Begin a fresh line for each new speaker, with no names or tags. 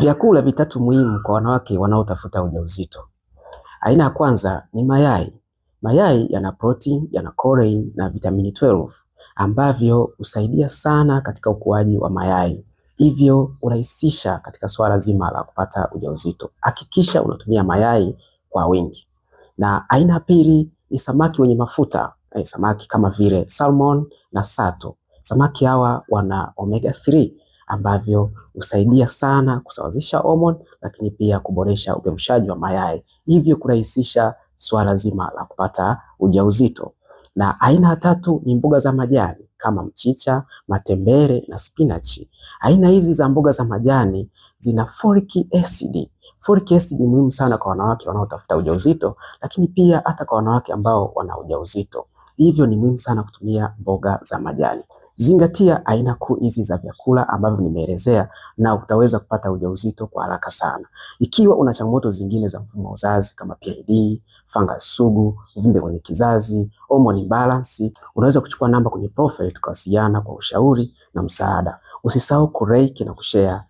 Vyakula vitatu muhimu kwa wanawake wanaotafuta ujauzito. Aina ya kwanza ni mayai. Mayai yana protein, yana choline na vitamini 12 ambavyo husaidia sana katika ukuaji wa mayai, hivyo hurahisisha katika swala zima la kupata ujauzito. Hakikisha unatumia mayai kwa wingi. Na aina ya pili ni samaki wenye mafuta eh, samaki kama vile salmon na sato. Samaki hawa wana omega ambavyo husaidia sana kusawazisha homoni, lakini pia kuboresha upevushaji wa mayai, hivyo kurahisisha swala zima la kupata ujauzito. Na aina ya tatu ni mboga za majani kama mchicha, matembere na spinachi. Aina hizi za mboga za majani zina folic acid. Folic acid ni muhimu sana kwa wanawake wanaotafuta ujauzito, lakini pia hata kwa wanawake ambao wana ujauzito. Hivyo ni muhimu sana kutumia mboga za majani. Zingatia aina kuu hizi za vyakula ambavyo nimeelezea na utaweza kupata ujauzito kwa haraka sana. Ikiwa una changamoto zingine za mfumo wa uzazi kama PID, fangasi sugu, uvimbe kwenye kizazi, hormone imbalance, unaweza kuchukua namba kwenye profile tukawasiliana kwa ushauri na msaada. Usisahau kureiki na kushare